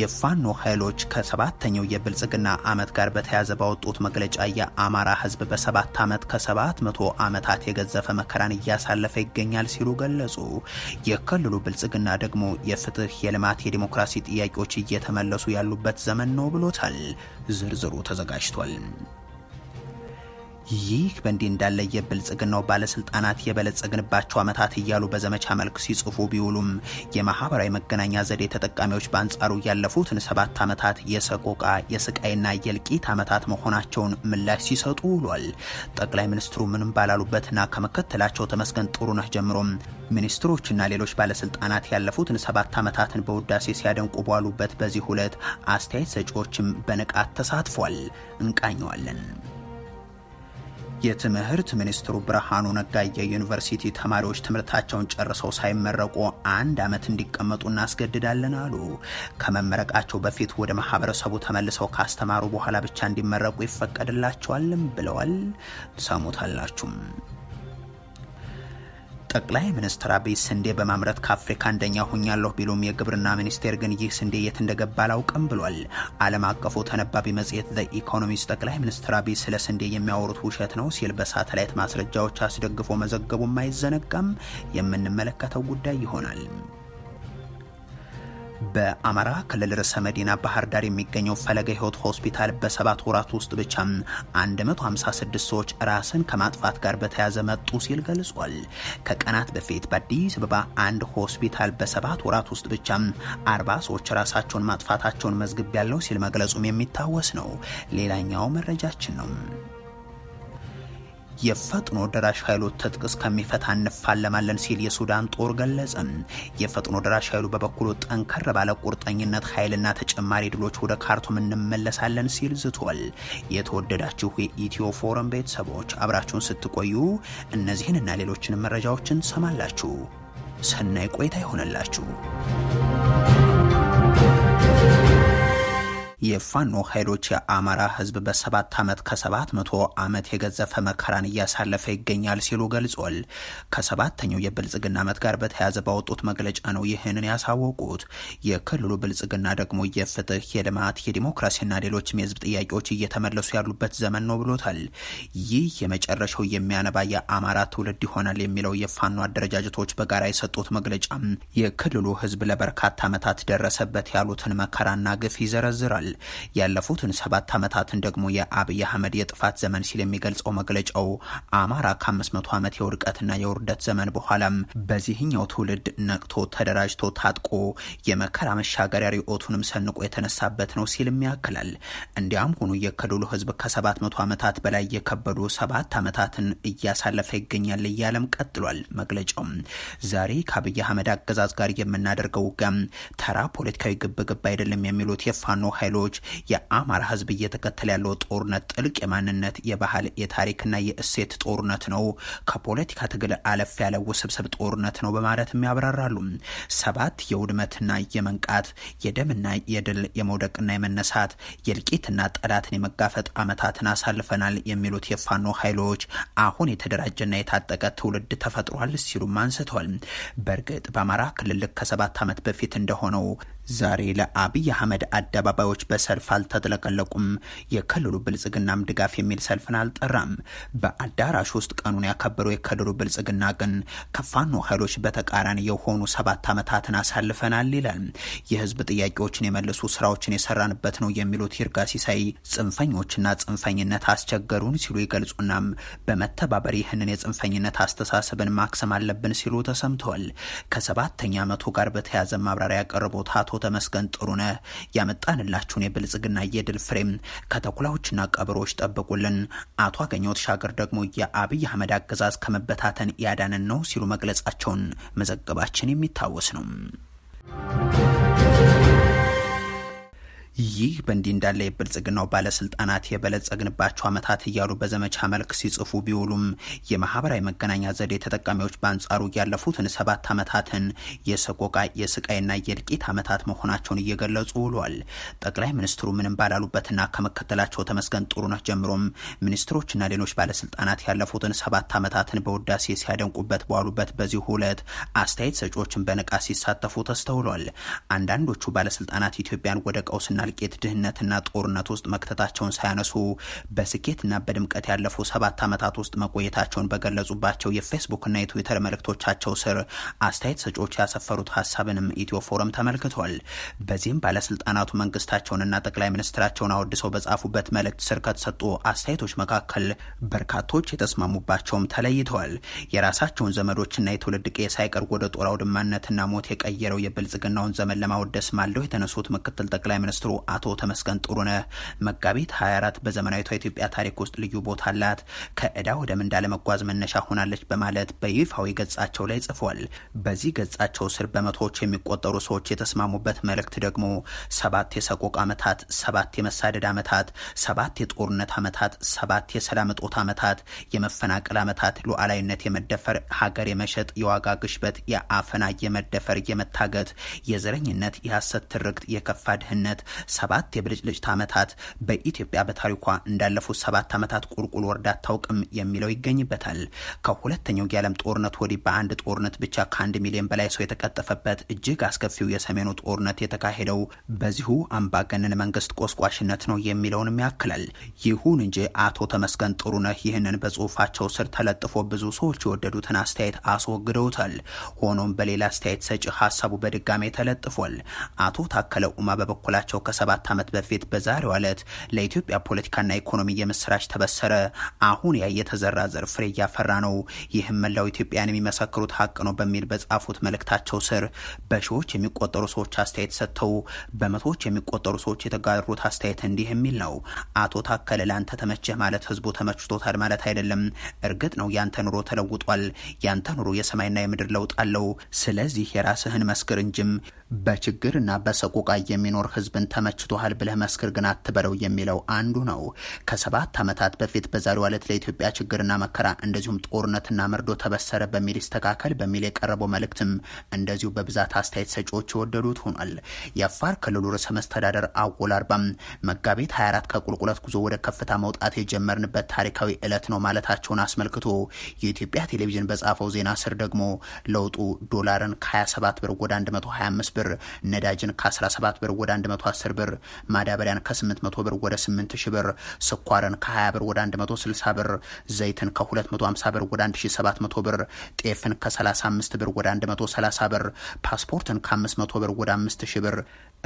የፋኖ ኃይሎች ከሰባተኛው የብልጽግና ዓመት ጋር በተያያዘ ባወጡት መግለጫ የአማራ ህዝብ በሰባት ዓመት ከሰባት መቶ ዓመታት የገዘፈ መከራን እያሳለፈ ይገኛል ሲሉ ገለጹ። የክልሉ ብልጽግና ደግሞ የፍትህ፣ የልማት፣ የዲሞክራሲ ጥያቄዎች እየተመለሱ ያሉበት ዘመን ነው ብሎታል። ዝርዝሩ ተዘጋጅቷል። ይህ በእንዲህ እንዳለ የብልጽግናው ባለስልጣናት የበለጸግንባቸው ዓመታት እያሉ በዘመቻ መልክ ሲጽፉ ቢውሉም የማህበራዊ መገናኛ ዘዴ ተጠቃሚዎች በአንጻሩ ያለፉትን ሰባት ዓመታት የሰቆቃ የስቃይና የእልቂት ዓመታት መሆናቸውን ምላሽ ሲሰጡ ውሏል። ጠቅላይ ሚኒስትሩ ምንም ባላሉበትና ከመከተላቸው ተመስገን ጥሩነህ ጀምሮም ሚኒስትሮችና ሌሎች ባለስልጣናት ያለፉትን ሰባት ዓመታትን በውዳሴ ሲያደንቁ ባሉበት በዚህ ሁለት አስተያየት ሰጪዎችም በንቃት ተሳትፏል። እንቃኘዋለን። የትምህርት ሚኒስትሩ ብርሃኑ ነጋ የዩኒቨርሲቲ ተማሪዎች ትምህርታቸውን ጨርሰው ሳይመረቁ አንድ ዓመት እንዲቀመጡ እናስገድዳለን አሉ። ከመመረቃቸው በፊት ወደ ማህበረሰቡ ተመልሰው ካስተማሩ በኋላ ብቻ እንዲመረቁ ይፈቀድላቸዋልም ብለዋል። ሰሙታላችሁም። ጠቅላይ ሚኒስትር አብይ ስንዴ በማምረት ከአፍሪካ አንደኛ ሆኛለሁ ቢሉም የግብርና ሚኒስቴር ግን ይህ ስንዴ የት እንደገባ አላውቅም ብሏል። ዓለም አቀፉ ተነባቢ መጽሔት ዘ ኢኮኖሚስት ጠቅላይ ሚኒስትር አብይ ስለ ስንዴ የሚያወሩት ውሸት ነው ሲል በሳተላይት ማስረጃዎች አስደግፎ መዘገቡም አይዘነጋም። የምንመለከተው ጉዳይ ይሆናል። በአማራ ክልል ርዕሰ መዲና ባህር ዳር የሚገኘው ፈለገ ህይወት ሆስፒታል በሰባት ወራት ውስጥ ብቻ 156 ሰዎች ራስን ከማጥፋት ጋር በተያያዘ መጡ ሲል ገልጿል። ከቀናት በፊት በአዲስ አበባ አንድ ሆስፒታል በሰባት ወራት ውስጥ ብቻ 40 ሰዎች ራሳቸውን ማጥፋታቸውን መዝግብ ያለው ሲል መግለጹም የሚታወስ ነው። ሌላኛው መረጃችን ነው። የፈጥኖ ደራሽ ኃይሎች ትጥቅ እስከሚፈታ እንፋለማለን ሲል የሱዳን ጦር ገለጸ። የፈጥኖ ደራሽ ኃይሉ በበኩሉ ጠንከር ባለ ቁርጠኝነት ኃይልና ተጨማሪ ድሎች ወደ ካርቱም እንመለሳለን ሲል ዝቷል። የተወደዳችሁ የኢትዮ ፎረም ቤተሰቦች አብራችሁን ስትቆዩ እነዚህን እና ሌሎችንም መረጃዎችን ሰማላችሁ። ሰናይ ቆይታ ይሆንላችሁ። የፋኖ ኃይሎች የአማራ ህዝብ በሰባት ዓመት ከሰባት መቶ ዓመት የገዘፈ መከራን እያሳለፈ ይገኛል ሲሉ ገልጿል። ከሰባተኛው የብልጽግና ዓመት ጋር በተያያዘ ባወጡት መግለጫ ነው ይህንን ያሳወቁት። የክልሉ ብልጽግና ደግሞ የፍትህ፣ የልማት፣ የዲሞክራሲና ሌሎችም የህዝብ ጥያቄዎች እየተመለሱ ያሉበት ዘመን ነው ብሎታል። ይህ የመጨረሻው የሚያነባ የአማራ ትውልድ ይሆናል የሚለው የፋኖ አደረጃጀቶች በጋራ የሰጡት መግለጫ የክልሉ ህዝብ ለበርካታ ዓመታት ደረሰበት ያሉትን መከራና ግፍ ይዘረዝራል። ያለፉትን ሰባት ዓመታትን ደግሞ የአብይ አህመድ የጥፋት ዘመን ሲል የሚገልጸው መግለጫው አማራ ከአምስት መቶ ዓመት የውድቀትና የውርደት ዘመን በኋላም በዚህኛው ትውልድ ነቅቶ ተደራጅቶ ታጥቆ የመከራ መሻገሪያ ርዕዮቱንም ሰንቆ የተነሳበት ነው ሲልም ያክላል። እንዲያም ሆኖ የክልሉ ህዝብ ከሰባት መቶ ዓመታት በላይ የከበዱ ሰባት ዓመታትን እያሳለፈ ይገኛል እያለም ቀጥሏል መግለጫው። ዛሬ ከአብይ አህመድ አገዛዝ ጋር የምናደርገው ውጋም ተራ ፖለቲካዊ ግብግብ አይደለም የሚሉት የፋኖ ኃይሎ መሪዎች የአማራ ህዝብ እየተከተለ ያለው ጦርነት ጥልቅ የማንነት የባህል የታሪክና የእሴት ጦርነት ነው፣ ከፖለቲካ ትግል አለፍ ያለ ውስብስብ ጦርነት ነው በማለትም ያብራራሉ። ሰባት የውድመትና የመንቃት የደምና የድል የመውደቅና የመነሳት የእልቂትና ጠላትን የመጋፈጥ አመታትን አሳልፈናል የሚሉት የፋኖ ኃይሎች አሁን የተደራጀና የታጠቀ ትውልድ ተፈጥሯል ሲሉም አንስተዋል። በእርግጥ በአማራ ክልል ከሰባት ዓመት በፊት እንደሆነው ዛሬ ለአብይ አህመድ አደባባዮች በሰልፍ አልተጥለቀለቁም። የክልሉ ብልጽግናም ድጋፍ የሚል ሰልፍን አልጠራም። በአዳራሽ ውስጥ ቀኑን ያከበረው የክልሉ ብልጽግና ግን ከፋኖ ኃይሎች በተቃራኒ የሆኑ ሰባት ዓመታትን አሳልፈናል ይላል። የህዝብ ጥያቄዎችን የመለሱ ስራዎችን የሰራንበት ነው የሚሉት ይርጋ ሲሳይ ጽንፈኞችና ጽንፈኝነት አስቸገሩን ሲሉ ይገልጹናም በመተባበር ይህንን የጽንፈኝነት አስተሳሰብን ማክሰም አለብን ሲሉ ተሰምተዋል። ከሰባተኛ ዓመቱ ጋር በተያያዘ ማብራሪያ ያቀረቡት አቶ ተመስገን ጥሩነ ያመጣንላቸው ያላችሁን የብልጽግና የድል ፍሬም ከተኩላዎችና ቀበሮች ጠብቁልን። አቶ አገኘሁት ተሻገር ደግሞ የአብይ አህመድ አገዛዝ ከመበታተን ያዳንን ነው ሲሉ መግለጻቸውን መዘገባችን የሚታወስ ነው። ይህ በእንዲህ እንዳለ የብልጽግናው ባለስልጣናት የበለጸግንባቸው ዓመታት እያሉ በዘመቻ መልክ ሲጽፉ ቢውሉም የማህበራዊ መገናኛ ዘዴ ተጠቃሚዎች በአንጻሩ ያለፉትን ሰባት ዓመታትን የሰቆቃ የስቃይና የእልቂት ዓመታት መሆናቸውን እየገለጹ ውሏል። ጠቅላይ ሚኒስትሩ ምንም ባላሉበትና ከመከተላቸው ተመስገን ጥሩነህ ጀምሮም ሚኒስትሮችና ሌሎች ባለስልጣናት ያለፉትን ሰባት ዓመታትን በውዳሴ ሲያደንቁበት በዋሉበት በዚሁ ዕለት አስተያየት ሰጪዎችን በንቃት ሲሳተፉ ተስተውሏል። አንዳንዶቹ ባለስልጣናት ኢትዮጵያን ወደ ቀውስና እልቂት፣ ድህነትና ጦርነት ውስጥ መክተታቸውን ሳያነሱ በስኬትና በድምቀት ያለፉ ሰባት ዓመታት ውስጥ መቆየታቸውን በገለጹባቸው የፌስቡክና የትዊተር መልእክቶቻቸው ስር አስተያየት ሰጪዎች ያሰፈሩት ሀሳብንም ኢትዮ ፎረም ተመልክቷል። በዚህም ባለስልጣናቱ መንግስታቸውንና ጠቅላይ ሚኒስትራቸውን አወድሰው በጻፉበት መልእክት ስር ከተሰጡ አስተያየቶች መካከል በርካቶች የተስማሙባቸውም ተለይተዋል። የራሳቸውን ዘመዶችና የትውልድ ቄ ሳይቀር ወደ ጦር አውድማነትና ሞት የቀየረው የብልጽግናውን ዘመን ለማወደስ ማለው የተነሱት ምክትል ጠቅላይ ሚኒስትሩ አቶ ተመስገን ጥሩነህ መጋቢት 24 በዘመናዊቷ ኢትዮጵያ ታሪክ ውስጥ ልዩ ቦታ አላት፣ ከእዳ ወደ ምንዳ ለመጓዝ መነሻ ሆናለች በማለት በይፋዊ ገጻቸው ላይ ጽፏል። በዚህ ገጻቸው ስር በመቶዎች የሚቆጠሩ ሰዎች የተስማሙበት መልእክት ደግሞ ሰባት የሰቆቅ ዓመታት፣ ሰባት የመሳደድ ዓመታት፣ ሰባት የጦርነት ዓመታት፣ ሰባት የሰላም እጦት ዓመታት፣ የመፈናቀል ዓመታት፣ ሉዓላዊነት የመደፈር ሀገር የመሸጥ የዋጋ ግሽበት፣ የአፈና የመደፈር የመታገት፣ የዘረኝነት፣ የሐሰት ትርክት፣ የከፋ ድህነት፣ ሰባት የብልጭልጭት ዓመታት በኢትዮጵያ በታሪኳ እንዳለፉት ሰባት ዓመታት ቁልቁል ወርዳ አታውቅም የሚለው ይገኝበታል። ከሁለተኛው የዓለም ጦርነት ወዲህ በአንድ ጦርነት ብቻ ከአንድ ሚሊዮን በላይ ሰው የተቀጠፈበት እጅግ አስከፊው የሰሜኑ ጦርነት የተካሄደው በዚሁ አምባገነን መንግስት ቆስቋሽነት ነው የሚለውንም ያክላል። ይሁን እንጂ አቶ ተመስገን ጥሩነህ ይህንን በጽሁፋቸው ስር ተለጥፎ ብዙ ሰዎች የወደዱትን አስተያየት አስወግደውታል። ሆኖም በሌላ አስተያየት ሰጪ ሀሳቡ በድጋሜ ተለጥፏል። አቶ ታከለ ኡማ በበኩላቸው ከ ከሰባት ዓመት በፊት በዛሬው ዕለት ለኢትዮጵያ ፖለቲካና ኢኮኖሚ የምስራች ተበሰረ። አሁን ያ የተዘራ ዘር ፍሬ እያፈራ ነው። ይህም መላው ኢትዮጵያን የሚመሰክሩት ሀቅ ነው በሚል በጻፉት መልእክታቸው ስር በሺዎች የሚቆጠሩ ሰዎች አስተያየት ሰጥተው በመቶዎች የሚቆጠሩ ሰዎች የተጋሩት አስተያየት እንዲህ የሚል ነው። አቶ ታከለ ለአንተ ተመቸህ ማለት ህዝቡ ተመችቶታል ማለት አይደለም። እርግጥ ነው ያንተ ኑሮ ተለውጧል። ያንተ ኑሮ የሰማይና የምድር ለውጥ አለው። ስለዚህ የራስህን መስክር እንጂም በችግርና በሰቆቃ የሚኖር ህዝብን ተመችቶሃል ብለህ መስክር ግን አትበለው የሚለው አንዱ ነው። ከሰባት ዓመታት በፊት በዛሬው ዕለት ለኢትዮጵያ ችግርና መከራ እንደዚሁም ጦርነትና መርዶ ተበሰረ በሚል ይስተካከል በሚል የቀረበው መልእክትም እንደዚሁ በብዛት አስተያየት ሰጪዎች የወደዱት ሆኗል። የአፋር ክልሉ ርዕሰ መስተዳደር አወል አርባም መጋቢት 24 ከቁልቁለት ጉዞ ወደ ከፍታ መውጣት የጀመርንበት ታሪካዊ ዕለት ነው ማለታቸውን አስመልክቶ የኢትዮጵያ ቴሌቪዥን በጻፈው ዜና ስር ደግሞ ለውጡ ዶላርን ከ27 ብር ወደ 125 ብር ነዳጅን ከ17 ብር ወደ 110 ሺህ ብር፣ ማዳበሪያን ከ800 ብር ወደ 8000 ብር፣ ስኳርን ከ20 ብር ወደ 160 ብር፣ ዘይትን ከ250 ብር ወደ 1700 ብር፣ ጤፍን ከ35 ብር ወደ 130 ብር፣ ፓስፖርትን ከ500 ብር ወደ 5000 ብር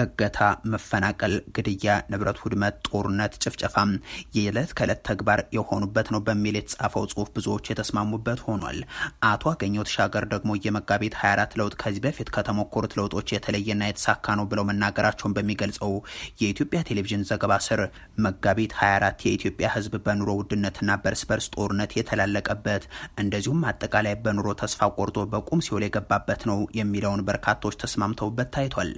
እገታ፣ መፈናቀል፣ ግድያ፣ ንብረት ውድመት፣ ጦርነት፣ ጭፍጨፋ የዕለት ከዕለት ተግባር የሆኑበት ነው በሚል የተጻፈው ጽሁፍ ብዙዎች የተስማሙበት ሆኗል። አቶ አገኘው ተሻገር ደግሞ የመጋቢት 24 ለውጥ ከዚህ በፊት ከተሞከሩት ለውጦች የተለየና የተሳካ ነው ብለው መናገራቸውን በሚገልጸው የኢትዮጵያ ቴሌቪዥን ዘገባ ስር መጋቢት 24 የኢትዮጵያ ህዝብ በኑሮ ውድነትና በርስ በርስ ጦርነት የተላለቀበት እንደዚሁም አጠቃላይ በኑሮ ተስፋ ቆርጦ በቁም ሲውል የገባበት ነው የሚለውን በርካቶች ተስማምተውበት ታይቷል።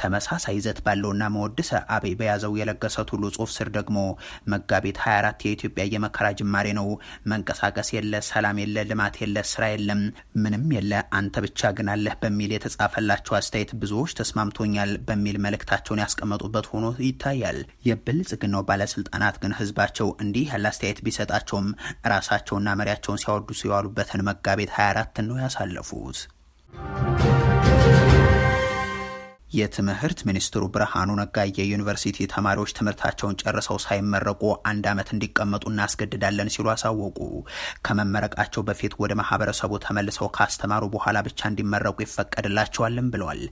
ተመሳሳይ ይዘት ባለውና መወድሰ አቤ በያዘው የለገሰት ሁሉ ጽሁፍ ስር ደግሞ መጋቢት 24 የኢትዮጵያ የመከራ ጅማሬ ነው። መንቀሳቀስ የለ፣ ሰላም የለ፣ ልማት የለ፣ ስራ የለም፣ ምንም የለ፣ አንተ ብቻ ግን አለህ በሚል የተጻፈላቸው አስተያየት ብዙዎች ተስማምቶኛል በሚል መልእክታቸውን ያስቀመጡ የሰጡበት ሆኖ ይታያል። የብልጽግናው ባለስልጣናት ግን ህዝባቸው እንዲህ ያለ አስተያየት ቢሰጣቸውም ራሳቸውና መሪያቸውን ሲያወዱ ሲዋሉበትን መጋቢት 24 ነው ያሳለፉት። የትምህርት ሚኒስትሩ ብርሃኑ ነጋ የዩኒቨርሲቲ ተማሪዎች ትምህርታቸውን ጨርሰው ሳይመረቁ አንድ ዓመት እንዲቀመጡ እናስገድዳለን ሲሉ አሳወቁ። ከመመረቃቸው በፊት ወደ ማህበረሰቡ ተመልሰው ካስተማሩ በኋላ ብቻ እንዲመረቁ ይፈቀድላቸዋልም ብለዋል።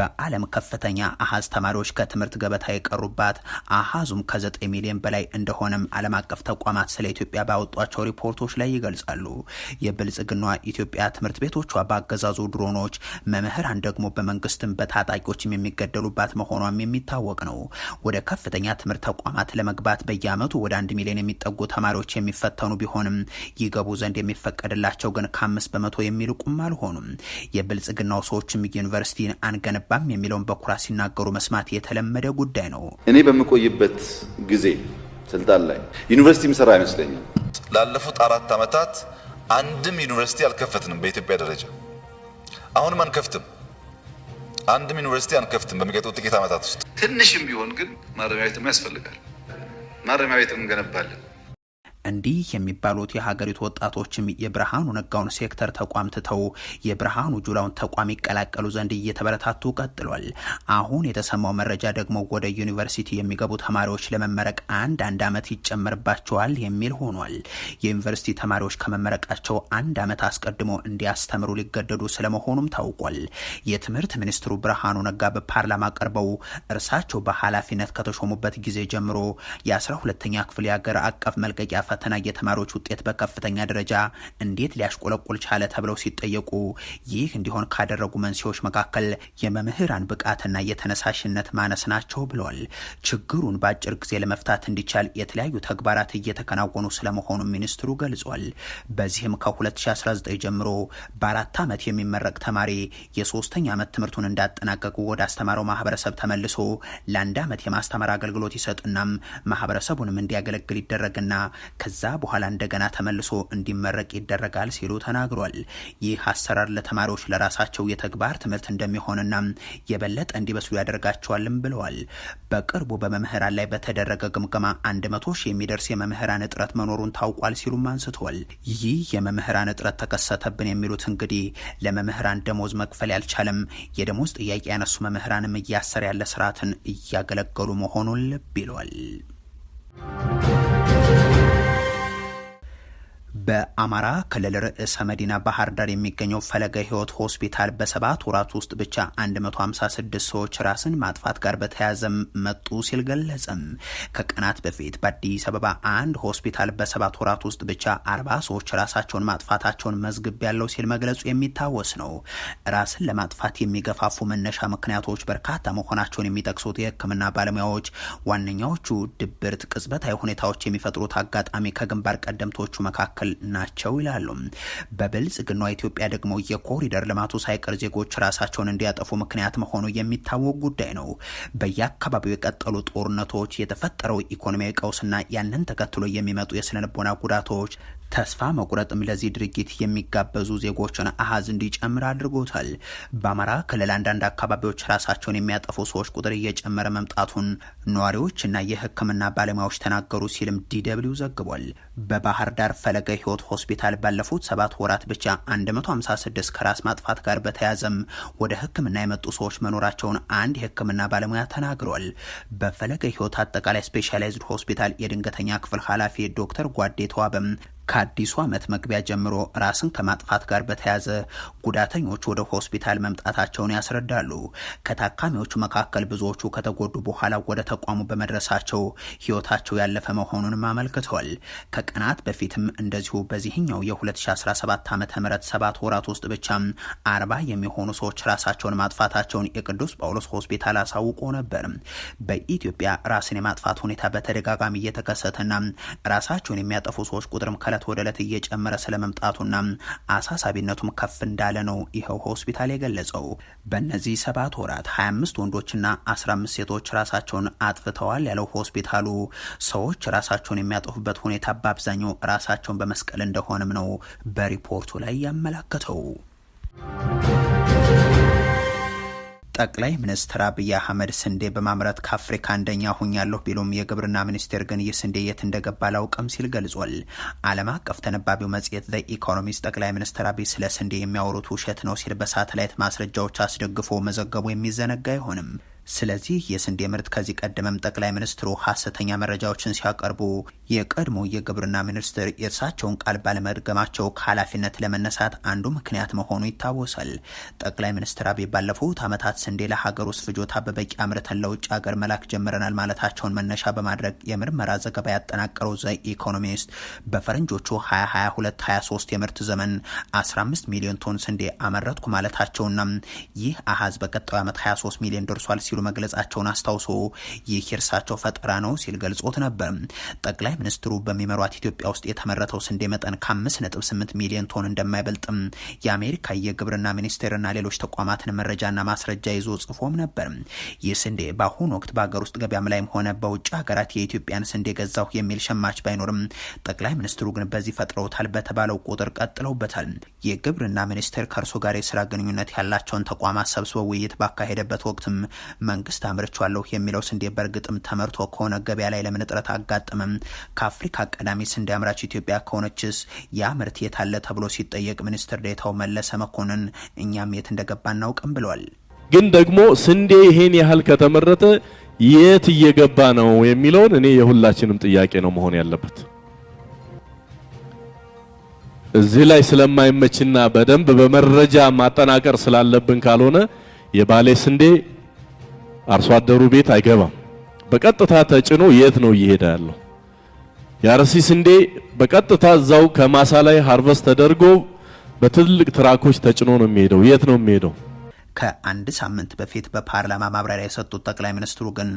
በዓለም ከፍተኛ አሃዝ ተማሪዎች ከትምህርት ገበታ የቀሩባት አሃዙም ከ9 ሚሊዮን በላይ እንደሆነም ዓለም አቀፍ ተቋማት ስለ ኢትዮጵያ ባወጧቸው ሪፖርቶች ላይ ይገልጻሉ። የብልጽግና ኢትዮጵያ ትምህርት ቤቶቿ በአገዛዙ ድሮኖች፣ መምህራን ደግሞ በመንግስትም በታጣቂዎች ተማሪዎችም የሚገደሉባት መሆኗም የሚታወቅ ነው። ወደ ከፍተኛ ትምህርት ተቋማት ለመግባት በየዓመቱ ወደ አንድ ሚሊዮን የሚጠጉ ተማሪዎች የሚፈተኑ ቢሆንም ይገቡ ዘንድ የሚፈቀድላቸው ግን ከአምስት በመቶ የሚልቁም አልሆኑም። የብልጽግናው ሰዎችም ዩኒቨርሲቲን አንገነባም የሚለውን በኩራት ሲናገሩ መስማት የተለመደ ጉዳይ ነው። እኔ በምቆይበት ጊዜ ስልጣን ላይ ዩኒቨርሲቲ ምሰራ አይመስለኝም። ላለፉት አራት ዓመታት አንድም ዩኒቨርሲቲ አልከፈትንም በኢትዮጵያ ደረጃ አሁንም አንከፍትም። አንድም ዩኒቨርሲቲ አንከፍትም በሚቀጥሉት ጥቂት ዓመታት ውስጥ። ትንሽም ቢሆን ግን ማረሚያ ቤትም ያስፈልጋል። ማረሚያ ቤትም እንገነባለን። እንዲህ የሚባሉት የሀገሪቱ ወጣቶችም የብርሃኑ ነጋውን ሴክተር ተቋም ትተው የብርሃኑ ጁላውን ተቋም ይቀላቀሉ ዘንድ እየተበረታቱ ቀጥሏል። አሁን የተሰማው መረጃ ደግሞ ወደ ዩኒቨርሲቲ የሚገቡ ተማሪዎች ለመመረቅ አንድ አንድ ዓመት ይጨመርባቸዋል የሚል ሆኗል። የዩኒቨርሲቲ ተማሪዎች ከመመረቃቸው አንድ ዓመት አስቀድሞ እንዲያስተምሩ ሊገደዱ ስለመሆኑም ታውቋል። የትምህርት ሚኒስትሩ ብርሃኑ ነጋ በፓርላማ ቀርበው እርሳቸው በኃላፊነት ከተሾሙበት ጊዜ ጀምሮ የአስራ ሁለተኛ ክፍል የሀገር አቀፍ መልቀቂያ ፈተና የተማሪዎች ውጤት በከፍተኛ ደረጃ እንዴት ሊያሽቆለቁል ቻለ ተብለው ሲጠየቁ ይህ እንዲሆን ካደረጉ መንስኤዎች መካከል የመምህራን ብቃትና የተነሳሽነት ማነስ ናቸው ብለዋል። ችግሩን በአጭር ጊዜ ለመፍታት እንዲቻል የተለያዩ ተግባራት እየተከናወኑ ስለመሆኑ ሚኒስትሩ ገልጿል። በዚህም ከ2019 ጀምሮ በአራት ዓመት የሚመረቅ ተማሪ የሶስተኛ ዓመት ትምህርቱን እንዳጠናቀቁ ወደ አስተማረው ማህበረሰብ ተመልሶ ለአንድ ዓመት የማስተማር አገልግሎት ይሰጡናም ማህበረሰቡንም እንዲያገለግል ይደረግና ከዛ በኋላ እንደገና ተመልሶ እንዲመረቅ ይደረጋል ሲሉ ተናግሯል። ይህ አሰራር ለተማሪዎች ለራሳቸው የተግባር ትምህርት እንደሚሆንና የበለጠ እንዲበስሉ ያደርጋቸዋልም ብለዋል። በቅርቡ በመምህራን ላይ በተደረገ ግምገማ አንድ መቶ ሺህ የሚደርስ የመምህራን እጥረት መኖሩን ታውቋል ሲሉም አንስተዋል። ይህ የመምህራን እጥረት ተከሰተብን የሚሉት እንግዲህ ለመምህራን ደሞዝ መክፈል ያልቻለም የደሞዝ ጥያቄ ያነሱ መምህራንም እያሰር ያለ ስርዓትን እያገለገሉ መሆኑን ልብ ይሏል። በአማራ ክልል ርዕሰ መዲና ባህር ዳር የሚገኘው ፈለገ ህይወት ሆስፒታል በሰባት ወራት ውስጥ ብቻ 156 ሰዎች ራስን ማጥፋት ጋር በተያዘ መጡ ሲል ገለጸም። ከቀናት በፊት በአዲስ አበባ አንድ ሆስፒታል በሰባት ወራት ውስጥ ብቻ 40 ሰዎች ራሳቸውን ማጥፋታቸውን መዝግብ ያለው ሲል መግለጹ የሚታወስ ነው። ራስን ለማጥፋት የሚገፋፉ መነሻ ምክንያቶች በርካታ መሆናቸውን የሚጠቅሱት የህክምና ባለሙያዎች ዋነኛዎቹ ድብርት፣ ቅጽበታዊ ሁኔታዎች የሚፈጥሩት አጋጣሚ ከግንባር ቀደምቶቹ መካከል መካከል ናቸው ይላሉ። በብልጽግና ኢትዮጵያ ደግሞ የኮሪደር ልማቱ ሳይቀር ዜጎች ራሳቸውን እንዲያጠፉ ምክንያት መሆኑ የሚታወቅ ጉዳይ ነው። በየአካባቢው የቀጠሉ ጦርነቶች፣ የተፈጠረው ኢኮኖሚያዊ ቀውስና ያንን ተከትሎ የሚመጡ የስነልቦና ጉዳቶች ተስፋ መቁረጥም ለዚህ ድርጊት የሚጋበዙ ዜጎችን አሃዝ እንዲጨምር አድርጎታል። በአማራ ክልል አንዳንድ አካባቢዎች ራሳቸውን የሚያጠፉ ሰዎች ቁጥር እየጨመረ መምጣቱን ነዋሪዎችና የሕክምና ባለሙያዎች ተናገሩ ሲልም ዲደብሊው ዘግቧል። በባህር ዳር ፈለገ ህይወት ሆስፒታል ባለፉት ሰባት ወራት ብቻ 156 ከራስ ማጥፋት ጋር በተያያዘም ወደ ሕክምና የመጡ ሰዎች መኖራቸውን አንድ የሕክምና ባለሙያ ተናግሯል። በፈለገ ህይወት አጠቃላይ ስፔሻላይዝድ ሆስፒታል የድንገተኛ ክፍል ኃላፊ ዶክተር ጓዴ ተዋበም ከአዲሱ ዓመት መግቢያ ጀምሮ ራስን ከማጥፋት ጋር በተያያዘ ጉዳተኞች ወደ ሆስፒታል መምጣታቸውን ያስረዳሉ። ከታካሚዎቹ መካከል ብዙዎቹ ከተጎዱ በኋላ ወደ ተቋሙ በመድረሳቸው ሕይወታቸው ያለፈ መሆኑንም አመልክተዋል። ከቀናት በፊትም እንደዚሁ በዚህኛው የ2017 ዓ ም ሰባት ወራት ውስጥ ብቻ አርባ የሚሆኑ ሰዎች ራሳቸውን ማጥፋታቸውን የቅዱስ ጳውሎስ ሆስፒታል አሳውቆ ነበር። በኢትዮጵያ ራስን የማጥፋት ሁኔታ በተደጋጋሚ እየተከሰተና ራሳቸውን የሚያጠፉ ሰዎች ቁጥርም ከ ከእለት ወደ ዕለት እየጨመረ ስለመምጣቱና አሳሳቢነቱም ከፍ እንዳለ ነው ይኸው ሆስፒታል የገለጸው። በእነዚህ ሰባት ወራት 25 ወንዶችና 15 ሴቶች ራሳቸውን አጥፍተዋል ያለው ሆስፒታሉ ሰዎች ራሳቸውን የሚያጠፉበት ሁኔታ በአብዛኛው ራሳቸውን በመስቀል እንደሆነም ነው በሪፖርቱ ላይ ያመላከተው። ጠቅላይ ሚኒስትር አብይ አህመድ ስንዴ በማምረት ከአፍሪካ አንደኛ ሁኛለሁ ቢሉም የግብርና ሚኒስቴር ግን ይህ ስንዴ የት እንደገባ አላውቅም ሲል ገልጿል። ዓለም አቀፍ ተነባቢው መጽሔት ዘ ኢኮኖሚስት ጠቅላይ ሚኒስትር አብይ ስለ ስንዴ የሚያወሩት ውሸት ነው ሲል በሳተላይት ማስረጃዎች አስደግፎ መዘገቡ የሚዘነጋ አይሆንም። ስለዚህ የስንዴ ምርት ከዚህ ቀደመም ጠቅላይ ሚኒስትሩ ሀሰተኛ መረጃዎችን ሲያቀርቡ የቀድሞ የግብርና ሚኒስትር የእርሳቸውን ቃል ባለመድገማቸው ከኃላፊነት ለመነሳት አንዱ ምክንያት መሆኑ ይታወሳል። ጠቅላይ ሚኒስትር አብይ ባለፉት ዓመታት ስንዴ ለሀገር ውስጥ ፍጆታ በበቂ አምርተን ለውጭ ሀገር መላክ ጀምረናል ማለታቸውን መነሻ በማድረግ የምርመራ ዘገባ ያጠናቀረው ዘ ኢኮኖሚስት በፈረንጆቹ 2022 የምርት ዘመን 15 ሚሊዮን ቶን ስንዴ አመረትኩ ማለታቸውና ይህ አሃዝ በቀጣዩ ዓመት 23 ሚሊዮን ደርሷል ሲሉ ሲሉ መግለጻቸውን አስታውሶ ይህ የእርሳቸው ፈጠራ ነው ሲል ገልጾት ነበር። ጠቅላይ ሚኒስትሩ በሚመሯት ኢትዮጵያ ውስጥ የተመረተው ስንዴ መጠን ከ5.8 ሚሊዮን ቶን እንደማይበልጥም የአሜሪካ የግብርና ሚኒስቴርና ሌሎች ተቋማትን መረጃና ማስረጃ ይዞ ጽፎም ነበር። ይህ ስንዴ በአሁኑ ወቅት በሀገር ውስጥ ገበያም ላይም ሆነ በውጭ ሀገራት የኢትዮጵያን ስንዴ ገዛሁ የሚል ሸማች ባይኖርም ጠቅላይ ሚኒስትሩ ግን በዚህ ፈጥረውታል በተባለው ቁጥር ቀጥለውበታል። የግብርና ሚኒስቴር ከእርሶ ጋር የስራ ግንኙነት ያላቸውን ተቋማት ሰብስበው ውይይት ባካሄደበት ወቅትም መንግስት አምርቻለሁ የሚለው ስንዴ በእርግጥም ተመርቶ ከሆነ ገበያ ላይ ለምን እጥረት አጋጥምም? ከአፍሪካ ቀዳሚ ስንዴ አምራች ኢትዮጵያ ከሆነችስ ያ ምርት የታለ ተብሎ ሲጠየቅ ሚኒስትር ዴታው መለሰ መኮንን እኛም የት እንደገባ እናውቅም ብሏል። ግን ደግሞ ስንዴ ይሄን ያህል ከተመረተ የት እየገባ ነው የሚለውን እኔ የሁላችንም ጥያቄ ነው መሆን ያለበት። እዚህ ላይ ስለማይመችና በደንብ በመረጃ ማጠናቀር ስላለብን ካልሆነ የባሌ ስንዴ አርሶ አደሩ ቤት አይገባም። በቀጥታ ተጭኖ የት ነው እየሄደ ያለው? የአርሲ ስንዴ በቀጥታ እዛው ከማሳ ላይ ሃርቨስት ተደርጎ በትልቅ ትራኮች ተጭኖ ነው የሚሄደው። የት ነው የሚሄደው? ከአንድ ሳምንት በፊት በፓርላማ ማብራሪያ የሰጡት ጠቅላይ ሚኒስትሩ ግን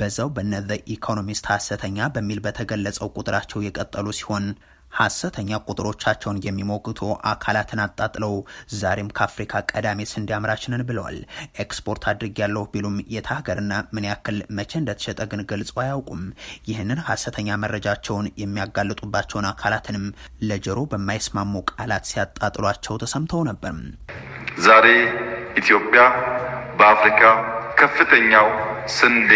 በዛው በነ ኢኮኖሚስት ሀሰተኛ በሚል በተገለጸው ቁጥራቸው የቀጠሉ ሲሆን ሐሰተኛ ቁጥሮቻቸውን የሚሞግቱ አካላትን አጣጥለው ዛሬም ከአፍሪካ ቀዳሚ ስንዴ አምራች ነን ብለዋል። ኤክስፖርት አድርግ ያለሁ ቢሉም የት ሀገርና ምን ያክል መቼ እንደተሸጠ ግን ገልጾ አያውቁም። ይህንን ሐሰተኛ መረጃቸውን የሚያጋልጡባቸውን አካላትንም ለጆሮ በማይስማሙ ቃላት ሲያጣጥሏቸው ተሰምተው ነበር። ዛሬ ኢትዮጵያ በአፍሪካ ከፍተኛው ስንዴ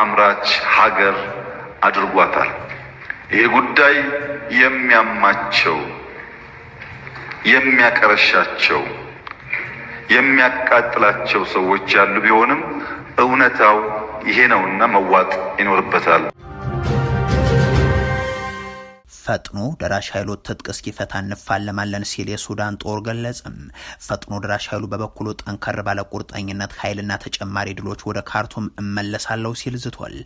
አምራች ሀገር አድርጓታል። ይሄ ጉዳይ የሚያማቸው የሚያቀረሻቸው የሚያቃጥላቸው ሰዎች ያሉ ቢሆንም እውነታው ይሄ ነውና መዋጥ ይኖርበታል። ፈጥኖ ደራሽ ኃይሉ ትጥቅ እስኪፈታ እንፋለማለን ሲል የሱዳን ጦር ገለጽም። ፈጥኖ ደራሽ ኃይሉ በበኩሉ ጠንከር ባለ ቁርጠኝነት ኃይልና ተጨማሪ ድሎች ወደ ካርቱም እመለሳለሁ ሲል ዝቷል።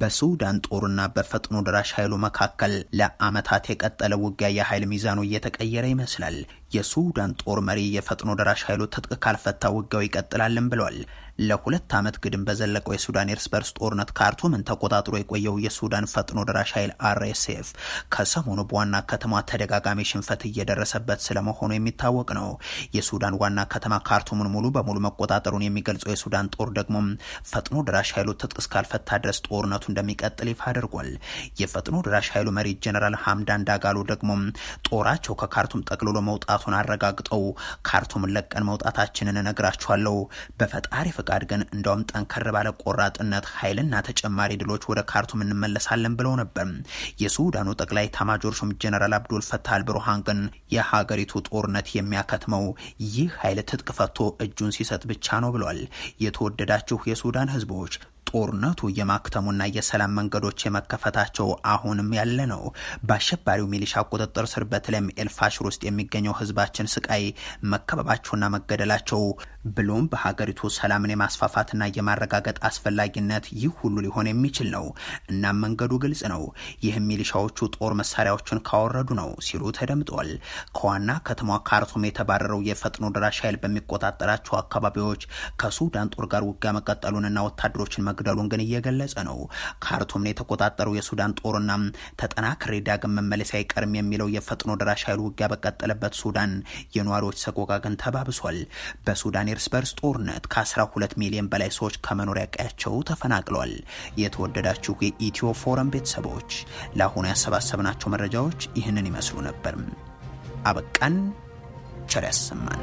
በሱዳን ጦርና በፈጥኖ ደራሽ ኃይሉ መካከል ለአመታት የቀጠለ ውጊያ የኃይል ሚዛኑ እየተቀየረ ይመስላል። የሱዳን ጦር መሪ የፈጥኖ ደራሽ ኃይሉ ትጥቅ ካልፈታ ውጊያው ይቀጥላልን ብለዋል። ለሁለት ዓመት ግድም በዘለቀው የሱዳን እርስ በርስ ጦርነት ካርቱምን ተቆጣጥሮ የቆየው የሱዳን ፈጥኖ ደራሽ ኃይል አርኤስኤፍ ከሰሞኑ በዋና ከተማ ተደጋጋሚ ሽንፈት እየደረሰበት ስለመሆኑ የሚታወቅ ነው። የሱዳን ዋና ከተማ ካርቱምን ሙሉ በሙሉ መቆጣጠሩን የሚገልጸው የሱዳን ጦር ደግሞ ፈጥኖ ደራሽ ኃይሉ ትጥቅ እስካልፈታ ድረስ ጦርነቱ እንደሚቀጥል ይፋ አድርጓል። የፈጥኖ ደራሽ ኃይሉ መሪ ጀነራል ሀምዳን ዳጋሎ ደግሞ ጦራቸው ከካርቱም ጠቅልሎ መውጣቱ መውጣቱን አረጋግጠው ካርቱምን ለቀን መውጣታችንን እነግራችኋለሁ። በፈጣሪ ፍቃድ ግን እንደውም ጠንከር ባለ ቆራጥነት ኃይልና ተጨማሪ ድሎች ወደ ካርቱም እንመለሳለን ብለው ነበር። የሱዳኑ ጠቅላይ ታማጆር ሹም ጀነራል አብዱል ፈታህ አልቡርሃን ግን የሀገሪቱ ጦርነት የሚያከትመው ይህ ኃይል ትጥቅ ፈቶ እጁን ሲሰጥ ብቻ ነው ብሏል። የተወደዳችሁ የሱዳን ህዝቦች ጦርነቱ የማክተሙና የሰላም መንገዶች የመከፈታቸው አሁንም ያለ ነው። በአሸባሪው ሚሊሻ ቁጥጥር ስር በተለይም ኤልፋሽር ውስጥ የሚገኘው ህዝባችን ስቃይ መከበባቸውና መገደላቸው ብሎም በሀገሪቱ ሰላምን የማስፋፋትና የማረጋገጥ አስፈላጊነት ይህ ሁሉ ሊሆን የሚችል ነው። እናም መንገዱ ግልጽ ነው። ይህም ሚሊሻዎቹ ጦር መሳሪያዎችን ካወረዱ ነው ሲሉ ተደምጧል። ከዋና ከተማ ካርቱም የተባረረው የፈጥኖ ደራሽ ኃይል በሚቆጣጠራቸው አካባቢዎች ከሱዳን ጦር ጋር ውጊያ መቀጠሉንና ወታደሮችን መግ መግደሉን ግን እየገለጸ ነው። ካርቱምን የተቆጣጠረው የሱዳን ጦርና ተጠናክሬ ዳግም መመለስ አይቀርም የሚለው የፈጥኖ ደራሽ ኃይሉ ውጊያ በቀጠለበት ሱዳን የነዋሪዎች ሰቆቃ ግን ተባብሷል። በሱዳን የእርስ በርስ ጦርነት ከ12 ሚሊዮን በላይ ሰዎች ከመኖሪያ ቀያቸው ተፈናቅለዋል። የተወደዳችሁ የኢትዮ ፎረም ቤተሰቦች ለአሁኑ ያሰባሰብናቸው መረጃዎች ይህንን ይመስሉ ነበር። አበቃን። ቸር ያሰማን።